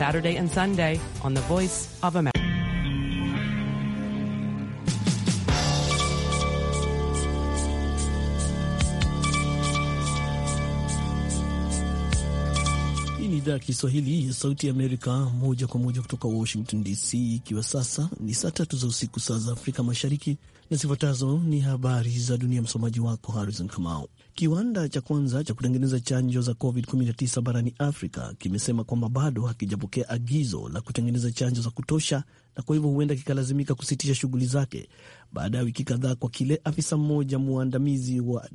Saturday and Sunday on The Voice of America. idhaa ya Kiswahili ya Sauti ya Amerika moja kwa moja kutoka Washington DC, ikiwa sasa ni saa tatu za usiku saa za Afrika Mashariki, na zifuatazo ni habari za dunia. Msomaji wako Harrison Kamau. Kiwanda cha kwanza cha kutengeneza chanjo za COVID-19 barani Afrika kimesema kwamba bado hakijapokea agizo la kutengeneza chanjo za kutosha, na kwa hivyo huenda kikalazimika kusitisha shughuli zake baada ya wiki kadhaa, kwa kile afisa mmoja mwandamizi wa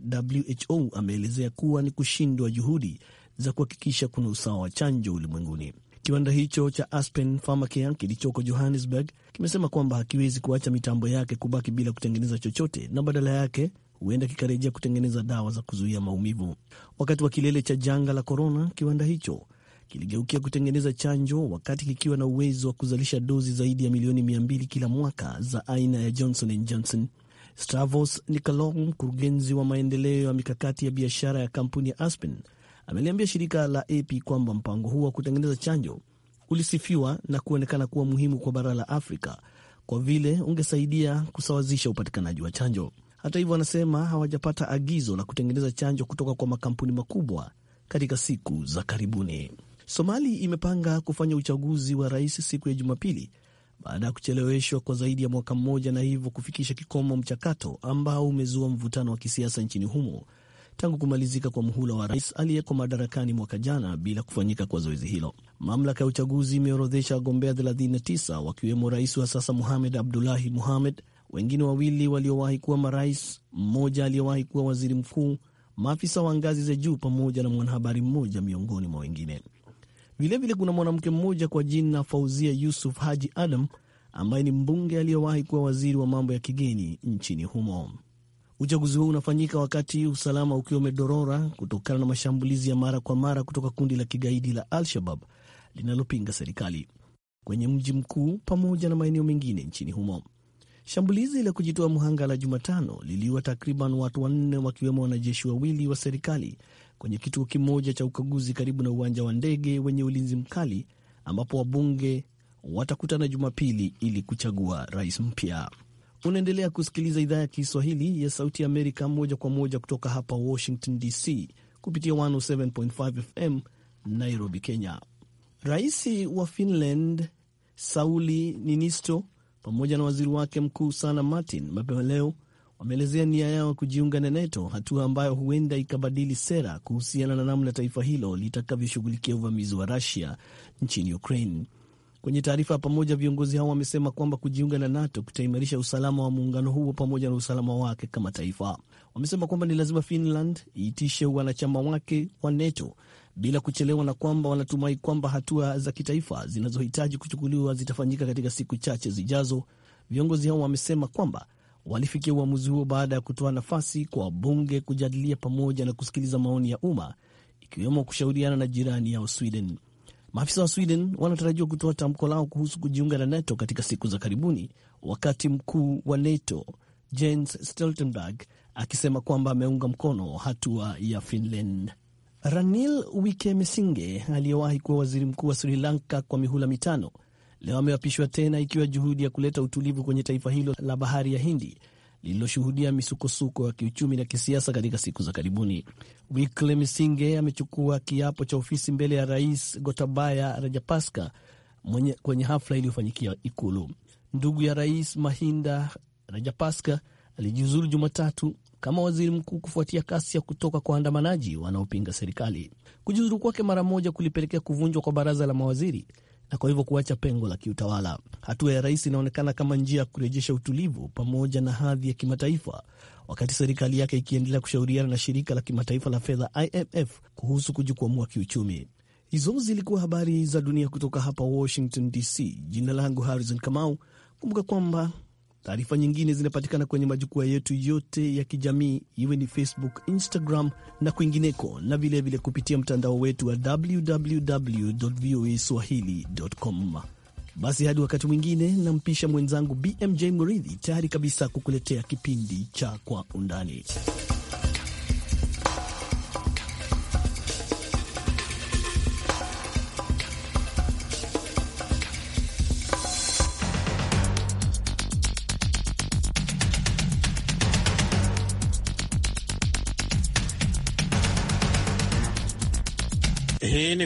WHO ameelezea kuwa ni kushindwa juhudi za kuhakikisha kuna usawa wa chanjo ulimwenguni. Kiwanda hicho cha Aspen Pharmacare kilichoko Johannesburg kimesema kwamba hakiwezi kuacha mitambo yake kubaki bila kutengeneza chochote na badala yake huenda kikarejea kutengeneza dawa za kuzuia maumivu. Wakati wa kilele cha janga la korona, kiwanda hicho kiligeukia kutengeneza chanjo wakati kikiwa na uwezo wa kuzalisha dozi zaidi ya milioni mbili kila mwaka za aina ya Johnson and Johnson. Stavros Nikolou, mkurugenzi wa maendeleo ya mikakati ya biashara ya kampuni ya Aspen, ameliambia shirika la AP kwamba mpango huo wa kutengeneza chanjo ulisifiwa na kuonekana kuwa muhimu kwa bara la Afrika kwa vile ungesaidia kusawazisha upatikanaji wa chanjo. Hata hivyo, anasema hawajapata agizo la kutengeneza chanjo kutoka kwa makampuni makubwa katika siku za karibuni. Somali imepanga kufanya uchaguzi wa rais siku ya Jumapili baada ya kucheleweshwa kwa zaidi ya mwaka mmoja na hivyo kufikisha kikomo mchakato ambao umezua mvutano wa kisiasa nchini humo tangu kumalizika kwa muhula wa rais aliyeko madarakani mwaka jana bila kufanyika kwa zoezi hilo. Mamlaka ya uchaguzi imeorodhesha wagombea 39 wakiwemo rais wa sasa muhamed Abdullahi muhamed wengine wawili waliowahi kuwa marais, mmoja aliyewahi kuwa waziri mkuu, maafisa wa ngazi za juu pamoja na mwanahabari mmoja miongoni mwa wengine. Vilevile kuna mwanamke mmoja kwa jina Fauzia Yusuf Haji Adam ambaye ni mbunge aliyewahi kuwa waziri wa mambo ya kigeni nchini humo. Uchaguzi huo unafanyika wakati usalama ukiwa umedorora kutokana na mashambulizi ya mara kwa mara kutoka kundi la kigaidi la Al-Shabab linalopinga serikali kwenye mji mkuu pamoja na maeneo mengine nchini humo. Shambulizi la kujitoa mhanga la Jumatano liliua takriban watu wanne wakiwemo wanajeshi wawili wa serikali kwenye kituo kimoja cha ukaguzi karibu na uwanja wa ndege wenye ulinzi mkali ambapo wabunge watakutana Jumapili ili kuchagua rais mpya. Unaendelea kusikiliza idhaa ya Kiswahili ya Sauti ya Amerika moja kwa moja kutoka hapa Washington DC kupitia 107.5 FM Nairobi, Kenya. Rais wa Finland Sauli Ninisto pamoja na waziri wake mkuu sana martin mapema leo wameelezea nia yao kujiunga na NATO, hatua ambayo huenda ikabadili sera kuhusiana na namna taifa hilo litakavyoshughulikia uvamizi wa Rusia nchini Ukraine. Kwenye taarifa ya pamoja, viongozi hao wamesema kwamba kujiunga na NATO kutaimarisha usalama wa muungano huo pamoja na usalama wake kama taifa. Wamesema kwamba ni lazima Finland iitishe wanachama wake wa NATO bila kuchelewa na kwamba wanatumai kwamba hatua za kitaifa zinazohitaji kuchukuliwa zitafanyika katika siku chache zijazo. Viongozi hao wamesema kwamba walifikia uamuzi huo baada ya kutoa nafasi kwa wabunge kujadilia pamoja na kusikiliza maoni ya umma, ikiwemo kushauriana na jirani yao Sweden. Maafisa wa Sweden wanatarajiwa kutoa tamko lao kuhusu kujiunga na NATO katika siku za karibuni, wakati mkuu wa NATO Jens Stoltenberg akisema kwamba ameunga mkono hatua ya Finland. Ranil Wickremesinghe aliyewahi kuwa waziri mkuu wa Sri Lanka kwa mihula mitano leo ameapishwa tena, ikiwa juhudi ya kuleta utulivu kwenye taifa hilo la bahari ya Hindi lililoshuhudia misukosuko ya kiuchumi na kisiasa katika siku za karibuni. Wikle Misinge amechukua kiapo cha ofisi mbele ya Rais Gotabaya Rajapaksa kwenye hafla iliyofanyikia Ikulu. Ndugu ya Rais Mahinda Rajapaksa alijiuzulu Jumatatu kama waziri mkuu kufuatia kasi ya kutoka kwa waandamanaji wanaopinga serikali. Kujiuzulu kwake mara moja kulipelekea kuvunjwa kwa baraza la mawaziri na kwa hivyo kuacha pengo la kiutawala. Hatua ya rais inaonekana kama njia ya kurejesha utulivu pamoja na hadhi ya kimataifa, wakati serikali yake ikiendelea kushauriana na shirika la kimataifa la fedha IMF kuhusu kujikwamua kiuchumi. Hizo zilikuwa habari za dunia kutoka hapa Washington DC. Jina langu Harrison Kamau. Kumbuka kwamba Taarifa nyingine zinapatikana kwenye majukwaa yetu yote ya kijamii, iwe ni Facebook, Instagram na kwingineko, na vilevile kupitia mtandao wetu wa www voa swahili.com. Basi hadi wakati mwingine, nampisha mwenzangu BMJ Muridhi tayari kabisa kukuletea kipindi cha Kwa Undani.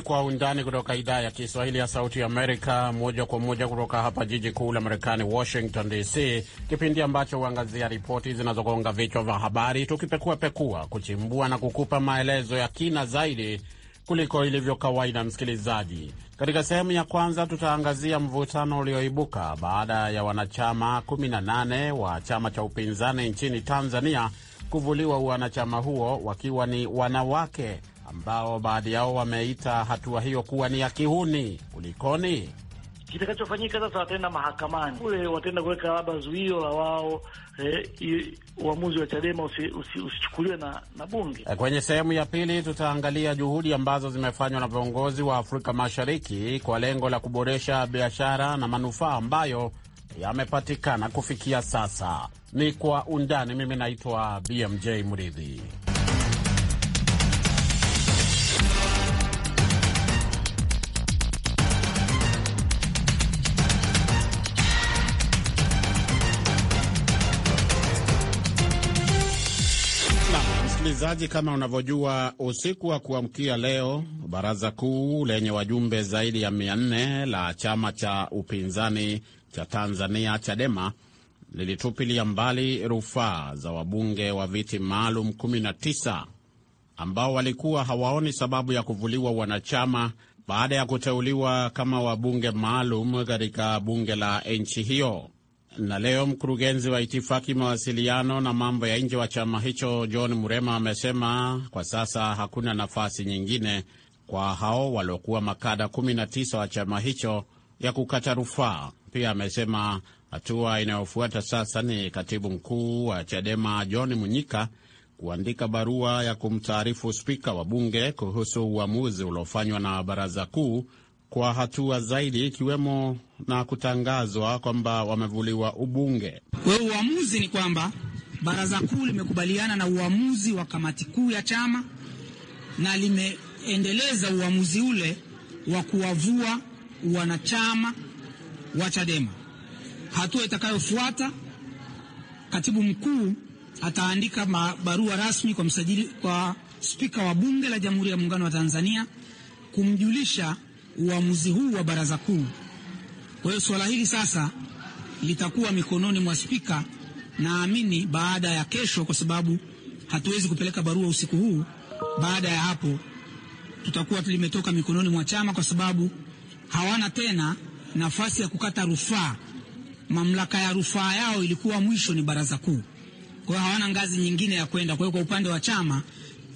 Kwa Undani kutoka idhaa ya Kiswahili ya Sauti Amerika, moja kwa moja kutoka hapa jiji kuu la Marekani, Washington DC, kipindi ambacho huangazia ripoti zinazogonga vichwa vya habari, tukipekuapekua, kuchimbua na kukupa maelezo ya kina zaidi kuliko ilivyo kawaida. Msikilizaji, katika sehemu ya kwanza tutaangazia mvutano ulioibuka baada ya wanachama 18 wa chama cha upinzani nchini Tanzania kuvuliwa uanachama huo wakiwa ni wanawake ambao baadhi yao wameita hatua hiyo kuwa ni ya kihuni. Kulikoni? Kitakachofanyika sasa, wataenda mahakamani kule, wataenda kuweka labda zuio la wao eh, wa Chadema usichukuliwe usi, usi na, na bunge. Eh, kwenye sehemu ya pili tutaangalia juhudi ambazo zimefanywa na viongozi wa Afrika Mashariki kwa lengo la kuboresha biashara na manufaa ambayo yamepatikana kufikia sasa. Ni kwa undani. Mimi naitwa BMJ Mridhi. Msikilizaji, kama unavyojua, usiku wa kuamkia leo, baraza kuu lenye wajumbe zaidi ya mia nne la chama cha upinzani cha Tanzania Chadema lilitupilia mbali rufaa za wabunge wa viti maalum 19 ambao walikuwa hawaoni sababu ya kuvuliwa wanachama baada ya kuteuliwa kama wabunge maalum katika bunge la nchi hiyo. Na leo mkurugenzi wa itifaki mawasiliano na mambo ya nje wa chama hicho John Murema amesema kwa sasa hakuna nafasi nyingine kwa hao waliokuwa makada 19 wa chama hicho ya kukata rufaa. Pia amesema hatua inayofuata sasa ni katibu mkuu wa Chadema John Munyika kuandika barua ya kumtaarifu spika wa bunge kuhusu uamuzi uliofanywa na baraza kuu kwa hatua zaidi ikiwemo na kutangazwa kwamba wamevuliwa ubunge. Kwa hiyo uamuzi ni kwamba baraza kuu limekubaliana na uamuzi wa kamati kuu ya chama na limeendeleza uamuzi ule wa kuwavua wanachama wa Chadema. Hatua itakayofuata, katibu mkuu ataandika barua rasmi kwa msajili, kwa spika wa bunge la Jamhuri ya Muungano wa Tanzania kumjulisha uamuzi huu wa baraza kuu. Kwa hiyo suala hili sasa litakuwa mikononi mwa spika, naamini baada ya kesho, kwa sababu hatuwezi kupeleka barua usiku huu. Baada ya hapo tutakuwa limetoka mikononi mwa chama, kwa sababu hawana tena nafasi ya kukata rufaa. Mamlaka ya rufaa yao ilikuwa mwisho ni baraza kuu, kwa hiyo hawana ngazi nyingine ya kwenda. Kwa hiyo kwa upande wa chama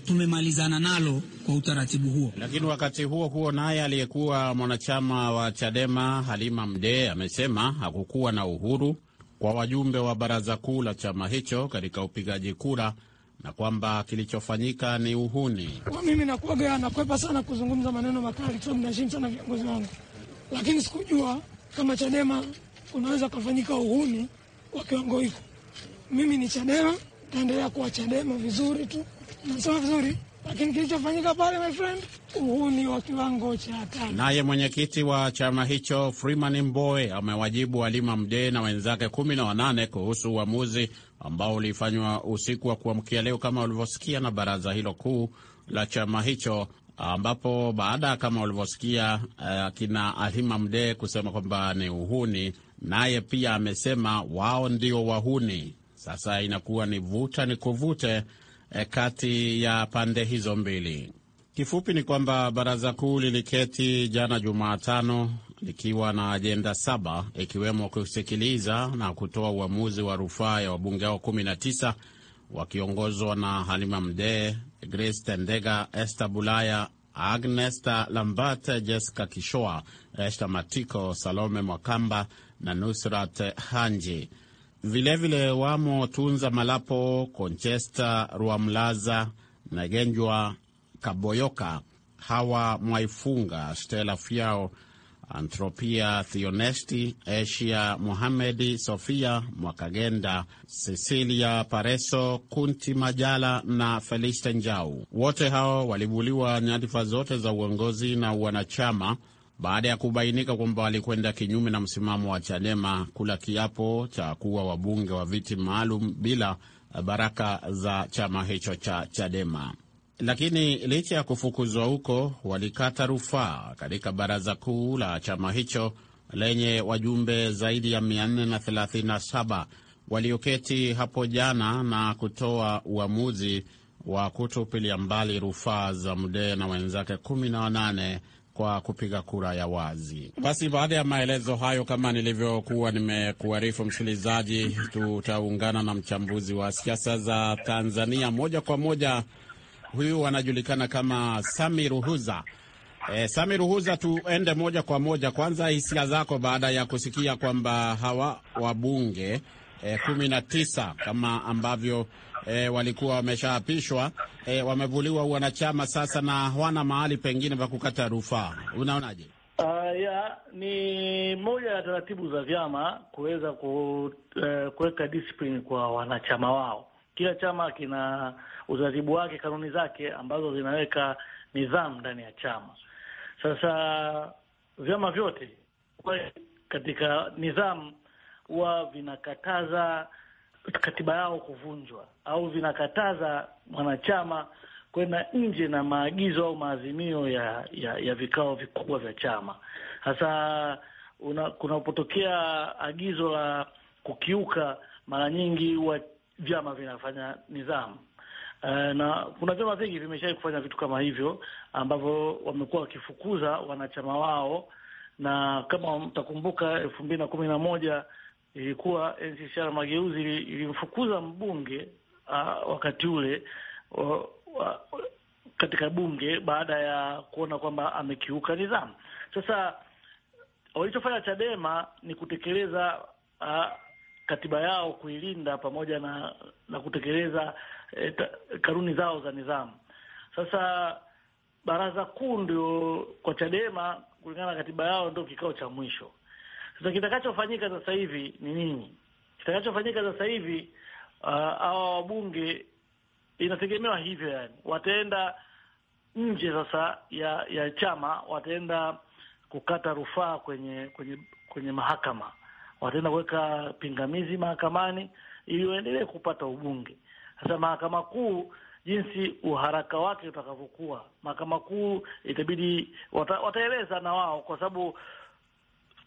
tumemalizana nalo kwa utaratibu huo. Lakini wakati huo huo, naye aliyekuwa mwanachama wa Chadema Halima Mdee amesema hakukuwa na uhuru kwa wajumbe wa baraza kuu la chama hicho katika upigaji kura na kwamba kilichofanyika ni uhuni. Mimi nakuaga nakwepa sana kuzungumza maneno makali kwa mnaheshimu sana viongozi wangu, lakini sikujua kama Chadema kunaweza ukafanyika uhuni wa kiwango hiko. Mimi ni Chadema, taendelea kuwa Chadema vizuri tu umesema vizuri, lakini kilichofanyika pale, my friend, uhuni wa kiwango cha hatari. Naye mwenyekiti wa chama hicho Freeman Mbowe amewajibu Halima Mdee na wenzake kumi na wanane kuhusu uamuzi ambao ulifanywa usiku wa kuamkia leo kama ulivyosikia na baraza hilo kuu la chama hicho ambapo baada kama ulivyosikia uh, kina Alima Mdee kusema kwamba ni uhuni, naye pia amesema wao ndio wahuni. Sasa inakuwa ni vuta ni kuvute, E, kati ya pande hizo mbili. Kifupi ni kwamba baraza kuu liliketi jana Jumatano likiwa na ajenda saba ikiwemo kusikiliza na kutoa uamuzi wa rufaa ya wabunge hao 19 wakiongozwa na Halima Mdee, Grace Tendega, Esther Bulaya, Agnesta Lambate, Jessica Kishoa, Esther Matiko, Salome Mwakamba na Nusrat Hanji. Vilevile wamo Tunza Malapo, konchesta ruamlaza negenjwa Kaboyoka, Hawa Mwaifunga, Stela Fiao, Antropia Thionesti, Asia Mohamedi, Sofia Mwakagenda, Cecilia Pareso, Kunti Majala na Felista Njau. Wote hao walivuliwa nyadhifa zote za uongozi na wanachama baada ya kubainika kwamba walikwenda kinyume na msimamo wa Chadema kula kiapo cha kuwa wabunge wa viti maalum bila baraka za chama hicho cha Chadema. Lakini licha ya kufukuzwa huko, walikata rufaa katika baraza kuu la chama hicho lenye wajumbe zaidi ya 437 walioketi hapo jana na kutoa uamuzi wa kutupilia mbali rufaa za Mdee na wenzake 18 kwa kupiga kura ya wazi. Basi baada ya maelezo hayo, kama nilivyokuwa nimekuarifu msikilizaji, tutaungana na mchambuzi wa siasa za Tanzania moja kwa moja. Huyu anajulikana kama Sami Ruhuza. E, Sami Ruhuza, tuende moja kwa moja. Kwanza hisia zako baada ya kusikia kwamba hawa wabunge e, kumi na tisa kama ambavyo e, walikuwa wameshaapishwa e, wamevuliwa wanachama sasa na hawana mahali pengine pa kukata rufaa. Unaonaje? Uh, ya ni moja ya taratibu za vyama kuweza eh, kuweka uh, discipline kwa wanachama wao. Kila chama kina utaratibu wake, kanuni zake ambazo zinaweka nidhamu ndani ya chama. Sasa vyama vyote katika nidhamu huwa vinakataza katiba yao kuvunjwa au vinakataza mwanachama kwenda nje na maagizo au maazimio ya, ya, ya vikao vikubwa vya chama. Sasa kunapotokea agizo la kukiuka, mara nyingi huwa vyama vinafanya nidhamu eh, na kuna vyama vingi vimeshawahi kufanya vitu kama hivyo ambavyo wamekuwa wakifukuza wanachama wao, na kama mtakumbuka elfu mbili na kumi na moja ilikuwa NCCR Mageuzi ilimfukuza mbunge a, wakati ule o, wa, katika bunge baada ya kuona kwamba amekiuka nidhamu. Sasa walichofanya Chadema ni kutekeleza a, katiba yao kuilinda pamoja na na kutekeleza e, ta, kanuni zao za nidhamu. Sasa baraza kuu ndio kwa Chadema kulingana na katiba yao ndio kikao cha mwisho. Sasa kitakachofanyika sasa hivi ni nini? Kitakachofanyika sasa hivi uh, hawa uh, wabunge inategemewa hivyo, yani wataenda nje sasa ya ya chama, wataenda kukata rufaa kwenye kwenye kwenye mahakama, wataenda kuweka pingamizi mahakamani ili waendelee kupata ubunge. Sasa mahakama kuu jinsi uharaka wake utakavyokuwa, mahakama kuu itabidi wataeleza na wao, kwa sababu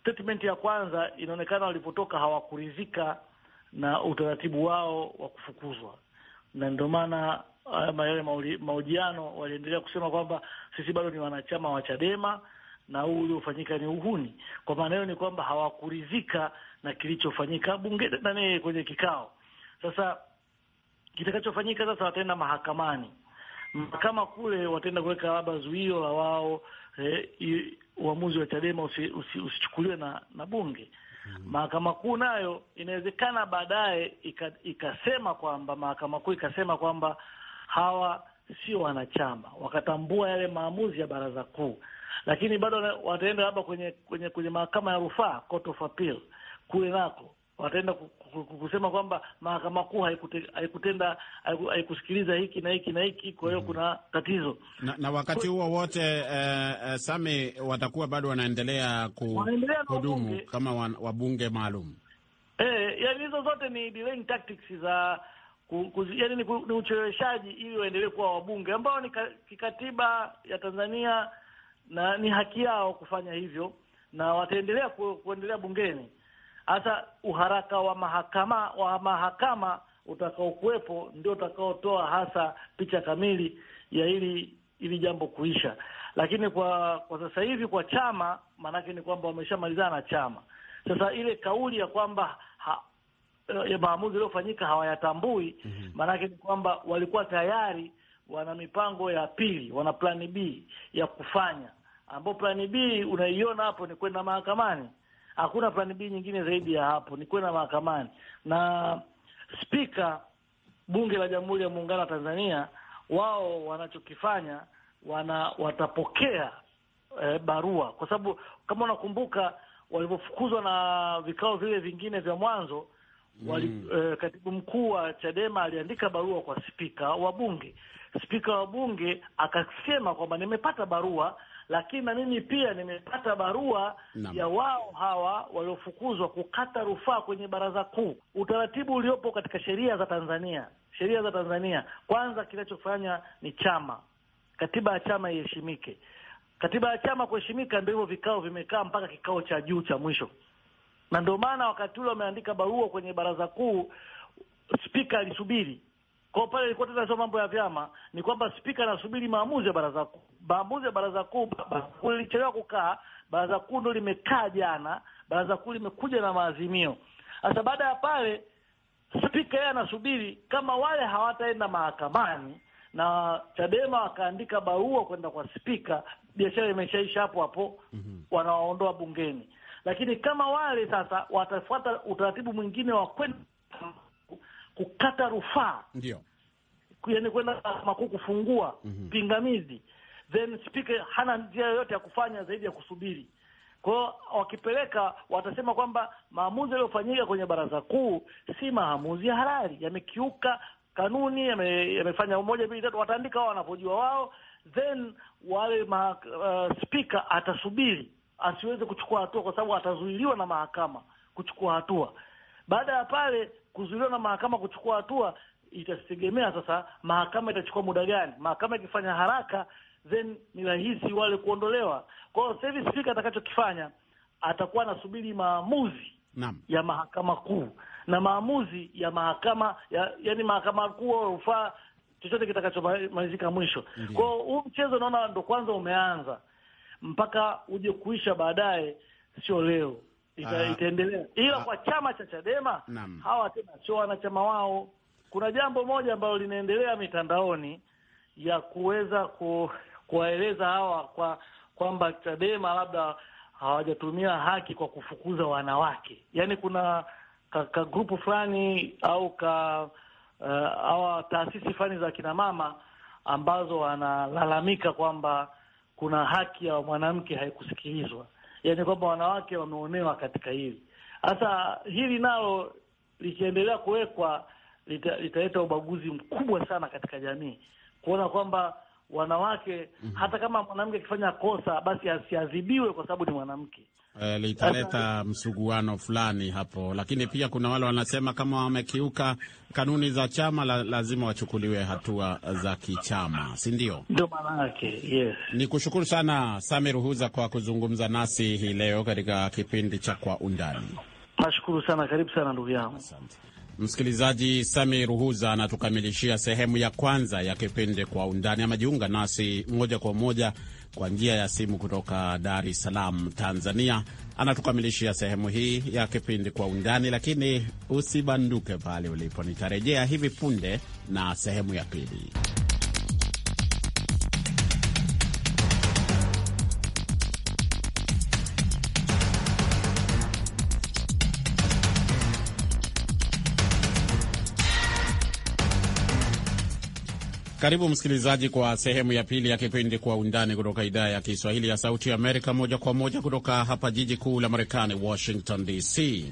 Statement ya kwanza inaonekana walipotoka hawakuridhika na utaratibu wao wa kufukuzwa, na ndio maana yale mahojiano waliendelea kusema kwamba sisi bado ni wanachama wa Chadema na huu uliofanyika ni uhuni. Kwa maana hiyo ni kwamba hawakuridhika na kilichofanyika bunge nane kwenye kikao. Sasa kitakachofanyika sasa, wataenda mahakamani Mahakama kule wataenda kuweka labda zuio la wao eh, uamuzi wa Chadema usichukuliwe usi, usi na, na bunge hmm. mahakama mm -hmm. kuu nayo inawezekana baadaye ikasema kwamba mahakama kuu ikasema kwamba hawa sio wanachama, wakatambua yale maamuzi ya baraza kuu, lakini bado wataenda labda kwenye kwenye kwenye mahakama ya rufaa court of appeal kule nako wataenda kusema kwamba mahakama kuu haikutenda haikusikiliza hiki na hiki na hiki, kwa hiyo mm, kuna tatizo na, na wakati huo wote eh, eh, Sami watakuwa bado wanaendelea kuhudumu kama wabunge maalum eh, yani hizo zote ni delaying tactics za yani ni, ni ucheleweshaji ili waendelee kuwa wabunge ambao ni ka, kikatiba ya Tanzania na ni haki yao kufanya hivyo na wataendelea ku, kuendelea bungeni Hasa uharaka wa mahakama wa mahakama utakaokuwepo ndio utakaotoa hasa picha kamili ya hili ili jambo kuisha. Lakini kwa kwa sasa hivi kwa chama, maanake ni kwamba wameshamalizana na chama. Sasa ile kauli ya kwamba ha, ya maamuzi yaliyofanyika hawayatambui, mhm. maanake mm -hmm. ni kwamba walikuwa tayari wana mipango ya pili, wana plani B ya kufanya, ambao plani B unaiona hapo ni kwenda mahakamani hakuna plani B nyingine zaidi ya hapo, ni kwenda mahakamani. Na spika bunge la Jamhuri ya Muungano wa Tanzania, wao wanachokifanya wana watapokea eh, barua, kwa sababu kama unakumbuka walivyofukuzwa na vikao vile vingine vya mwanzo mm. wali, mm. Eh, katibu mkuu wa Chadema aliandika barua kwa spika wa bunge. Spika wa bunge akasema kwamba nimepata barua lakini na mimi pia nimepata barua Nama. ya wao hawa waliofukuzwa kukata rufaa kwenye baraza kuu. Utaratibu uliopo katika sheria za Tanzania, sheria za Tanzania, kwanza kinachofanya ni chama, katiba ya chama iheshimike. Katiba ya chama kuheshimika, ndio hivyo vikao vimekaa mpaka kikao cha juu cha mwisho, na ndio maana wakati ule wameandika barua kwenye baraza kuu, spika alisubiri kwa pale ilikuwa tena sio mambo ya vyama, ni kwamba spika anasubiri maamuzi ya baraza kuu. Maamuzi ya baraza kuu kulichelewa kukaa, baraza kuu ndo limekaa jana, baraza kuu limekuja na maazimio. Sasa baada ya pale, spika yeye anasubiri kama wale hawataenda mahakamani na Chadema wakaandika barua kwenda kwa spika, biashara imeshaisha hapo hapo, mm -hmm. wanawaondoa bungeni. Lakini kama wale sasa watafuata utaratibu mwingine wa kwenda kukata rufaa, ndio yaani kwenda makuu kufungua mm -hmm. pingamizi, then speaker hana njia yoyote ya kufanya zaidi ya kusubiri. Kwa hiyo wakipeleka watasema kwamba maamuzi yaliyofanyika kwenye baraza kuu si maamuzi ya halali, yamekiuka kanuni, yamefanya moja mbili tatu, wataandika wao wanavyojua wao, then wale ma, uh, speaker atasubiri asiweze kuchukua hatua, kwa sababu atazuiliwa na mahakama kuchukua hatua. Baada ya pale kuzuiliwa na mahakama kuchukua hatua itategemea sasa mahakama itachukua muda gani. Mahakama ikifanya haraka, then ni rahisi wale kuondolewa. Kwa hiyo sasa hivi spika atakachokifanya atakuwa anasubiri maamuzi Naam. ya mahakama kuu na maamuzi ya mahakama ya, yani mahakama kuu au rufaa, chochote kitakachomalizika mwisho. Kwa hiyo huu mchezo naona ndo kwanza umeanza, mpaka uje kuisha baadaye, sio leo ita, ah. ila ah. kwa chama cha Chadema hawa tena sio wanachama wao. Kuna jambo moja ambalo linaendelea mitandaoni ya kuweza ku, kuwaeleza hawa kwa kwamba Chadema labda hawajatumia haki kwa kufukuza wanawake, yaani kuna ka, ka grupu fulani au ka uh, eh, au taasisi fulani za kina mama ambazo wanalalamika kwamba kuna haki ya mwanamke haikusikilizwa yani kwamba wanawake wameonewa katika hili. Sasa hili nalo likiendelea kuwekwa litaleta lita ubaguzi mkubwa sana katika jamii, kuona kwamba wanawake mm -hmm. Hata kama mwanamke akifanya kosa basi asiadhibiwe kwa sababu ni mwanamke. E, litaleta msuguano fulani hapo, lakini pia kuna wale wanasema kama wamekiuka kanuni za chama la, lazima wachukuliwe hatua za kichama, si ndio? Ndio maana yake yes. Ni kushukuru sana samir huza kwa kuzungumza nasi hii leo katika kipindi cha Kwa Undani. Nashukuru sana, karibu sana ndugu yangu. Msikilizaji, Sami Ruhuza anatukamilishia sehemu ya kwanza ya kipindi Kwa Undani. Amejiunga nasi moja kwa moja kwa njia ya simu kutoka Dar es Salaam, Tanzania. Anatukamilishia sehemu hii ya kipindi Kwa Undani, lakini usibanduke pale ulipo. Nitarejea hivi punde na sehemu ya pili. Karibu msikilizaji kwa sehemu ya pili ya kipindi Kwa Undani kutoka idhaa ya Kiswahili ya Sauti ya Amerika, moja kwa moja kutoka hapa jiji kuu la Marekani, Washington DC.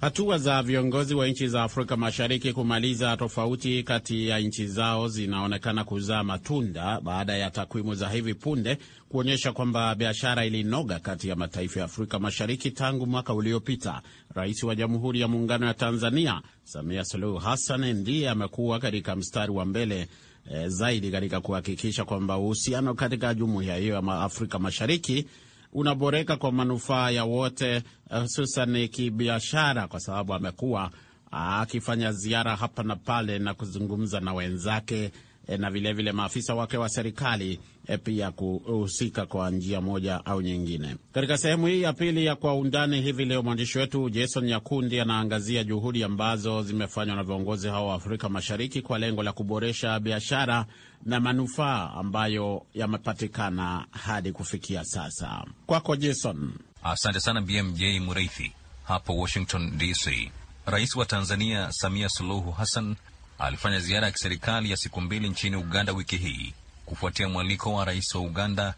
Hatua za viongozi wa nchi za Afrika Mashariki kumaliza tofauti kati ya nchi zao zinaonekana kuzaa matunda baada ya takwimu za hivi punde kuonyesha kwamba biashara ilinoga kati ya mataifa ya Afrika Mashariki tangu mwaka uliopita. Rais wa Jamhuri ya Muungano ya Tanzania Samia Suluhu Hassan ndiye amekuwa katika mstari wa mbele e, zaidi katika kuhakikisha kwamba uhusiano katika jumuiya hiyo ya Afrika Mashariki unaboreka kwa manufaa ya wote, eh, hususan kibiashara, kwa sababu amekuwa akifanya ziara hapa na pale na kuzungumza na wenzake Eh, na vilevile vile maafisa wake wa serikali eh, pia kuhusika kwa njia moja au nyingine. Katika sehemu hii ya pili ya Kwa Undani hivi leo, mwandishi wetu Jason Nyakundi anaangazia juhudi ambazo zimefanywa na viongozi hao wa Afrika Mashariki kwa lengo la kuboresha biashara na manufaa ambayo yamepatikana hadi kufikia sasa. Kwako Jason. Asante sana BMJ mreithi hapo Washington DC. Rais wa Tanzania Samia Suluhu Hassan alifanya ziara ya kiserikali ya siku mbili nchini Uganda wiki hii kufuatia mwaliko wa rais wa Uganda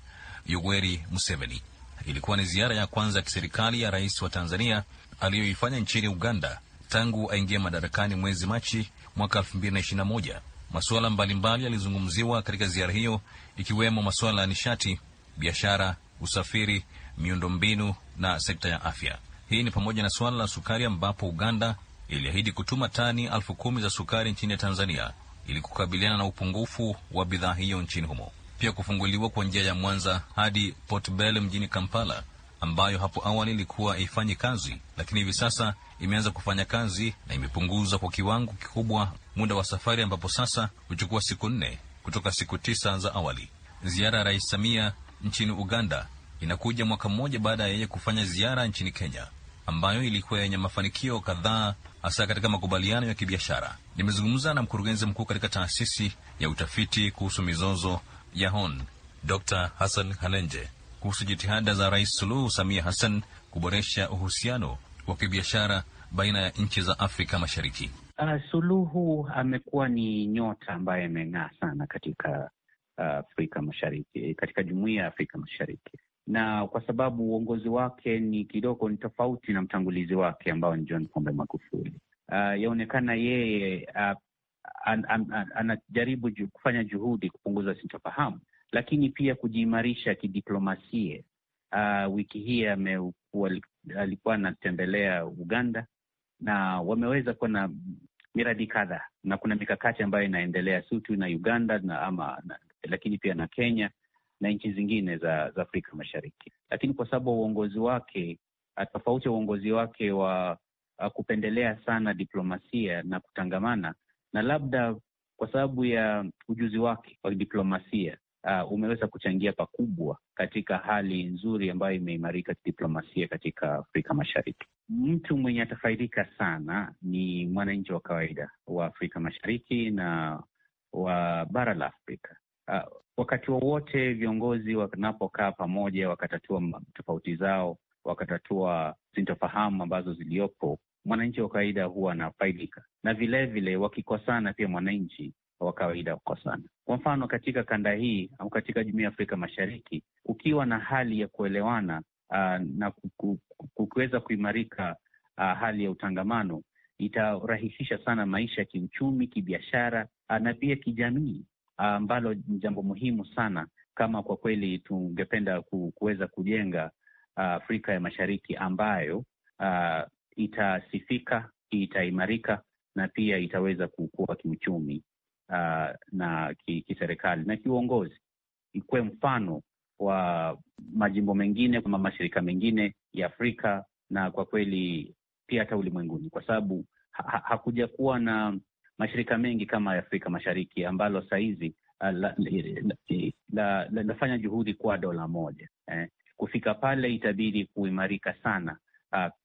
Yoweri Museveni. Ilikuwa ni ziara ya kwanza ya kiserikali ya rais wa Tanzania aliyoifanya nchini Uganda tangu aingia madarakani mwezi Machi mwaka 2021. Masuala mbalimbali yalizungumziwa katika ziara hiyo ikiwemo masuala ya nishati, biashara, usafiri, miundombinu na sekta ya afya. Hii ni pamoja na suala la sukari ambapo Uganda iliahidi kutuma tani elfu kumi za sukari nchini Tanzania ili kukabiliana na upungufu wa bidhaa hiyo nchini humo. Pia kufunguliwa kwa njia ya Mwanza hadi Port Bell mjini Kampala, ambayo hapo awali ilikuwa haifanyi kazi, lakini hivi sasa imeanza kufanya kazi na imepunguza kwa kiwango kikubwa muda wa safari, ambapo sasa huchukua siku nne kutoka siku tisa za awali. Ziara ya Rais Samia nchini Uganda inakuja mwaka mmoja baada ya yeye kufanya ziara nchini Kenya ambayo ilikuwa yenye mafanikio kadhaa hasa katika makubaliano ya kibiashara. Nimezungumza na mkurugenzi mkuu katika taasisi ya utafiti kuhusu mizozo ya Hon Dr Hassan Hanenje kuhusu jitihada za Rais Suluhu Samia Hassan kuboresha uhusiano wa kibiashara baina ya nchi za Afrika Mashariki. Uh, Suluhu amekuwa ni nyota ambaye ameng'aa sana katika uh, Afrika Mashariki, katika jumuiya ya Afrika Mashariki na kwa sababu uongozi wake ni kidogo ni tofauti na mtangulizi wake ambao ni John Pombe Magufuli. Uh, yaonekana yeye uh, an, an, an, anajaribu ju, kufanya juhudi kupunguza sintofahamu, lakini pia kujiimarisha kidiplomasia. Uh, wiki hii alikuwa anatembelea Uganda na wameweza kuwa na miradi kadhaa na kuna mikakati ambayo inaendelea si tu na Uganda na ama na, lakini pia na Kenya na nchi zingine za, za Afrika Mashariki, lakini kwa sababu uongozi wake ah, tofauti ya uongozi wake wa ah, kupendelea sana diplomasia na kutangamana na labda kwa sababu ya ujuzi wake wa diplomasia uh, umeweza kuchangia pakubwa katika hali nzuri ambayo imeimarika kidiplomasia katika Afrika Mashariki. Mtu mwenye atafaidika sana ni mwananchi wa kawaida wa Afrika Mashariki na wa bara la Afrika, uh, wakati wowote viongozi wanapokaa pamoja wakatatua tofauti zao, wakatatua sintofahamu ambazo ziliyopo, mwananchi wa kawaida huwa anafaidika, na vilevile wakikosana pia mwananchi wa kawaida kukosana. Kwa mfano, katika kanda hii au katika jumuia ya Afrika Mashariki, kukiwa na hali ya kuelewana uh, na kuweza kuimarika uh, hali ya utangamano itarahisisha sana maisha ya kiuchumi, kibiashara uh, na pia kijamii ambalo ni jambo muhimu sana kama kwa kweli tungependa kuweza kujenga ah, Afrika ya Mashariki ambayo uh, itasifika, itaimarika na pia itaweza kukua kiuchumi uh, na kiserikali na kiuongozi, ikuwe mfano wa majimbo mengine ama mashirika mengine ya Afrika na kwa kweli pia hata ulimwenguni, kwa sababu ha hakuja kuwa na mashirika mengi kama ya Afrika Mashariki ambalo sahizi ah, linafanya mm. eh, eh, eh, juhudi kwa dola moja eh. Kufika pale itabidi kuimarika sana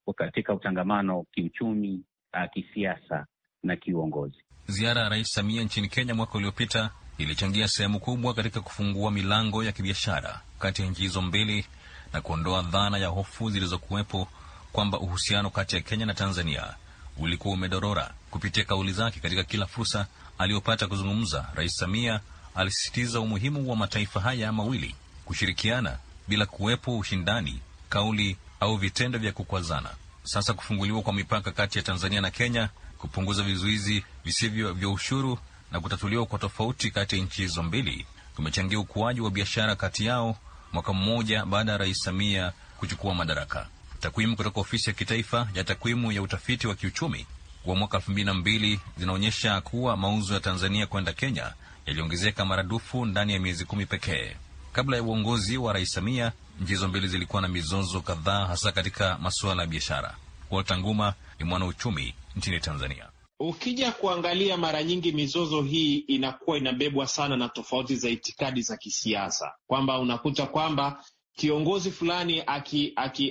uh, katika utangamano kiuchumi, uh, kisiasa na kiuongozi. Ziara ya Rais Samia nchini Kenya mwaka uliopita ilichangia sehemu kubwa katika kufungua milango ya kibiashara kati ya nchi hizo mbili na kuondoa dhana ya hofu zilizokuwepo kwamba uhusiano kati ya Kenya na Tanzania ulikuwa umedorora. Kupitia kauli zake katika kila fursa aliyopata kuzungumza, Rais Samia alisisitiza umuhimu wa mataifa haya mawili kushirikiana bila kuwepo ushindani, kauli au vitendo vya kukwazana. Sasa kufunguliwa kwa mipaka kati ya Tanzania na Kenya, kupunguza vizuizi visivyo vya ushuru na kutatuliwa kwa tofauti kati ya nchi hizo mbili kumechangia ukuaji wa biashara kati yao mwaka mmoja baada ya Rais Samia kuchukua madaraka. Takwimu kutoka ofisi ya kitaifa ya takwimu ya utafiti wa kiuchumi wa mwaka elfu mbili na mbili zinaonyesha kuwa mauzo ya Tanzania kwenda Kenya yaliongezeka maradufu ndani ya miezi kumi pekee. Kabla ya uongozi wa Rais Samia, nchi hizo mbili zilikuwa na mizozo kadhaa, hasa katika masuala ya biashara. Walter Nguma ni mwanauchumi nchini Tanzania. Ukija kuangalia mara nyingi mizozo hii inakuwa inabebwa sana na tofauti za itikadi za kisiasa, kwamba unakuta kwamba kiongozi fulani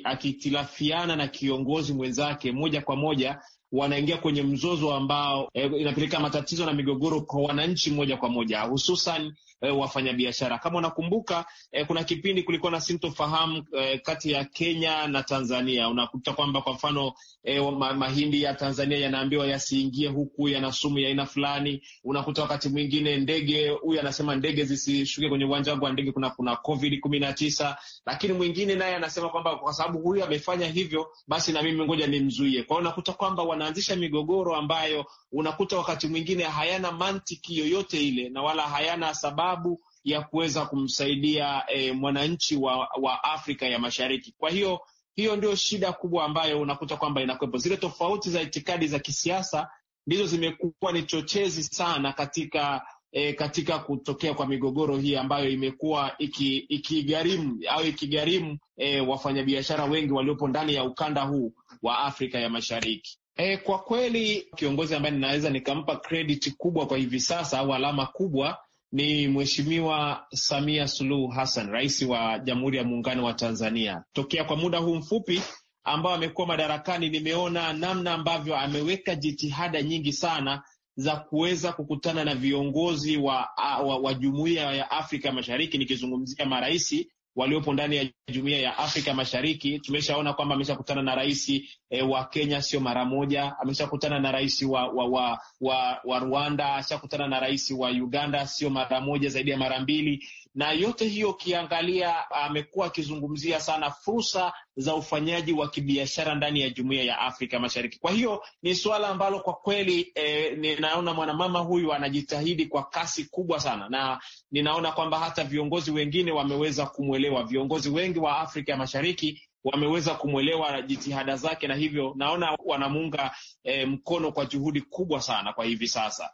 akitilafiana aki, aki na kiongozi mwenzake moja kwa moja wanaingia kwenye mzozo ambao e, inapeleka matatizo na migogoro kwa wananchi moja kwa moja, hususan e, wafanyabiashara. Kama unakumbuka e, kuna kipindi kulikuwa na sintofahamu e, kati ya Kenya na Tanzania. Unakuta kwamba kwa mfano e, ma, mahindi ya Tanzania yanaambiwa yasiingie huku, yana sumu ya aina fulani. Unakuta wakati mwingine ndege, huyu anasema ndege zisishuke kwenye uwanja wangu wa ndege, kuna kuna COVID kumi na tisa, lakini mwingine naye anasema kwamba kwa sababu huyu amefanya hivyo, basi na mimi ngoja nimzuie. Kwa hiyo unakuta kwamba wanaanzisha migogoro ambayo unakuta wakati mwingine hayana mantiki yoyote ile na wala hayana sababu ya kuweza kumsaidia e, mwananchi wa, wa Afrika ya Mashariki. Kwa hiyo hiyo ndio shida kubwa ambayo unakuta kwamba inakuwepo. Zile tofauti za itikadi za kisiasa ndizo zimekuwa ni chochezi sana katika E, katika kutokea kwa migogoro hii ambayo imekuwa ikigharimu iki au ikigharimu e, wafanyabiashara wengi waliopo ndani ya ukanda huu wa Afrika ya Mashariki. E, kwa kweli kiongozi ambaye ninaweza nikampa credit kubwa kwa hivi sasa au alama kubwa ni Mheshimiwa Samia Suluhu Hassan, rais wa Jamhuri ya Muungano wa Tanzania. Tokea kwa muda huu mfupi ambao amekuwa madarakani, nimeona namna ambavyo ameweka jitihada nyingi sana za kuweza kukutana na viongozi wa, wa, wa Jumuiya ya Afrika Mashariki, nikizungumzia maraisi waliopo ndani ya jumuiya ya Afrika Mashariki. Tumeshaona kwamba ameshakutana na rais e, wa Kenya sio mara moja, ameshakutana na rais wa, wa, wa, wa, wa Rwanda, ashakutana na rais wa Uganda sio mara moja, zaidi ya mara mbili na yote hiyo ukiangalia, amekuwa akizungumzia sana fursa za ufanyaji wa kibiashara ndani ya jumuiya ya Afrika Mashariki. Kwa hiyo ni suala ambalo kwa kweli eh, ninaona mwanamama huyu anajitahidi kwa kasi kubwa sana, na ninaona kwamba hata viongozi wengine wameweza kumwelewa. Viongozi wengi wa Afrika Mashariki wameweza kumwelewa jitihada zake, na hivyo naona wanamuunga eh, mkono kwa juhudi kubwa sana kwa hivi sasa.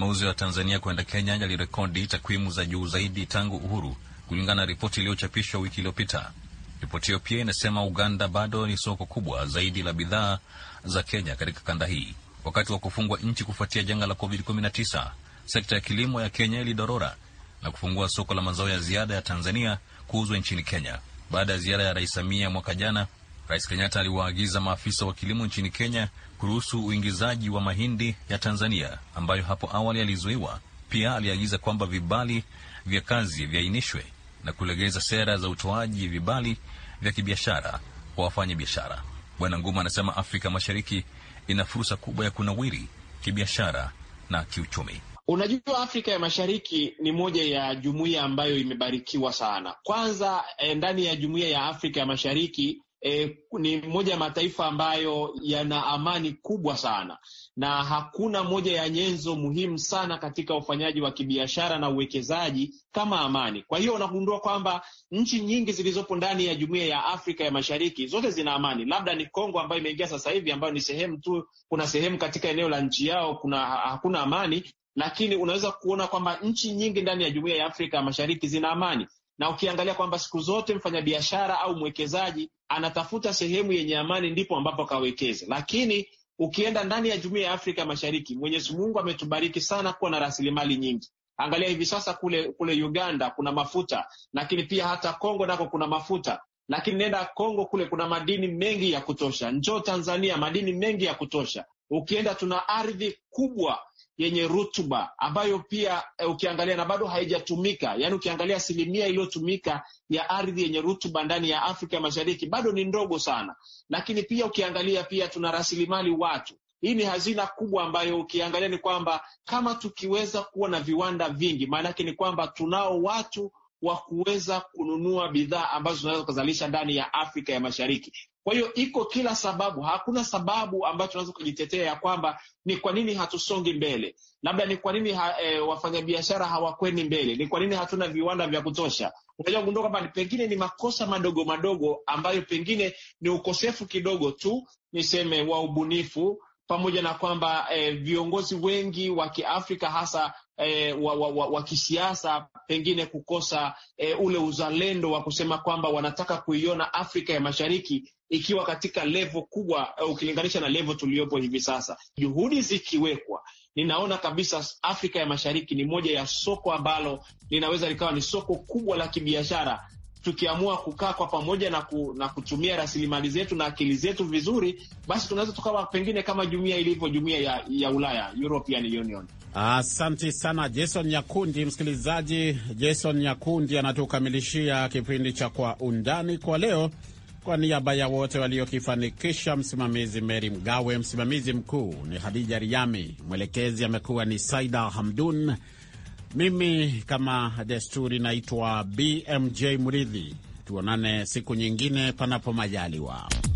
Mauzo ya Tanzania kwenda Kenya yalirekodi takwimu za juu zaidi tangu uhuru, kulingana na ripoti iliyochapishwa wiki iliyopita. Ripoti hiyo pia inasema Uganda bado ni soko kubwa zaidi la bidhaa za Kenya katika kanda hii. Wakati wa kufungwa nchi kufuatia janga la COVID-19, sekta ya kilimo ya Kenya ilidorora na kufungua soko la mazao ya ziada ya Tanzania kuuzwa nchini Kenya. Baada ya ziara ya Rais Samia mwaka jana, Rais Kenyatta aliwaagiza maafisa wa kilimo nchini Kenya kuruhusu uingizaji wa mahindi ya Tanzania ambayo hapo awali alizuiwa Pia aliagiza kwamba vibali vya kazi viainishwe na kulegeza sera za utoaji vibali vya kibiashara kwa wafanya biashara. Bwana Nguma anasema Afrika Mashariki ina fursa kubwa ya kunawiri kibiashara na kiuchumi. Unajua, Afrika ya Mashariki ni moja ya jumuiya ambayo imebarikiwa sana. Kwanza, eh, ndani ya jumuiya ya Afrika ya Mashariki e, ni moja ya mataifa ambayo yana amani kubwa sana, na hakuna moja ya nyenzo muhimu sana katika ufanyaji wa kibiashara na uwekezaji kama amani. Kwa hiyo unagundua kwamba nchi nyingi zilizopo ndani ya jumuiya ya Afrika ya Mashariki zote zina amani, labda ni Kongo ambayo imeingia sasa hivi, ambayo ni sehemu tu, kuna sehemu katika eneo la nchi yao kuna hakuna amani, lakini unaweza kuona kwamba nchi nyingi ndani ya jumuiya ya Afrika ya Mashariki zina amani na ukiangalia kwamba siku zote mfanyabiashara au mwekezaji anatafuta sehemu yenye amani, ndipo ambapo akawekeze. Lakini ukienda ndani ya jumuiya ya Afrika Mashariki, Mwenyezi Mungu ametubariki sana kuwa na rasilimali nyingi. Angalia hivi sasa kule kule Uganda kuna mafuta, lakini pia hata Kongo nako kuna mafuta, lakini nenda Kongo kule kuna madini mengi ya kutosha. Njoo Tanzania, madini mengi ya kutosha. Ukienda tuna ardhi kubwa yenye rutuba ambayo pia e, ukiangalia na bado haijatumika. Yani ukiangalia asilimia iliyotumika ya ardhi yenye rutuba ndani ya Afrika Mashariki bado ni ndogo sana, lakini pia ukiangalia pia tuna rasilimali watu. Hii ni hazina kubwa ambayo ukiangalia ni kwamba kama tukiweza kuwa na viwanda vingi, maanake ni kwamba tunao watu wa kuweza kununua bidhaa ambazo tunaweza kuzalisha ndani ya Afrika ya Mashariki. Kwa hiyo iko kila sababu, hakuna sababu ambayo tunaweza kujitetea ya kwamba ni kwa nini hatusongi mbele, labda ni kwa nini ha, e, wafanyabiashara hawakweni mbele, ni kwa nini hatuna viwanda vya kutosha. Unajua kugundua kwamba pengine ni makosa madogo madogo ambayo pengine ni ukosefu kidogo tu niseme wa ubunifu pamoja na kwamba e, viongozi wengi wa Kiafrika hasa e, wa, wa, wa, wa kisiasa pengine kukosa e, ule uzalendo wa kusema kwamba wanataka kuiona Afrika ya Mashariki ikiwa katika levo kubwa eh, ukilinganisha na levo tuliyopo hivi sasa. Juhudi zikiwekwa, ninaona kabisa Afrika ya Mashariki ni moja ya soko ambalo linaweza likawa ni soko kubwa la kibiashara tukiamua kukaa kwa pamoja na, ku, na kutumia rasilimali zetu na akili zetu vizuri, basi tunaweza tukawa pengine kama jumuia ilivyo jumuia ya, ya Ulaya, European Union. Asante ah, sana Jason Nyakundi. Msikilizaji, Jason Nyakundi anatukamilishia kipindi cha Kwa Undani kwa leo. Kwa niaba ya wote waliokifanikisha, msimamizi Meri Mgawe, msimamizi mkuu ni Hadija Riami, mwelekezi amekuwa ni Saida Hamdun. Mimi kama desturi naitwa BMJ Mridhi. Tuonane siku nyingine, panapo majaliwa.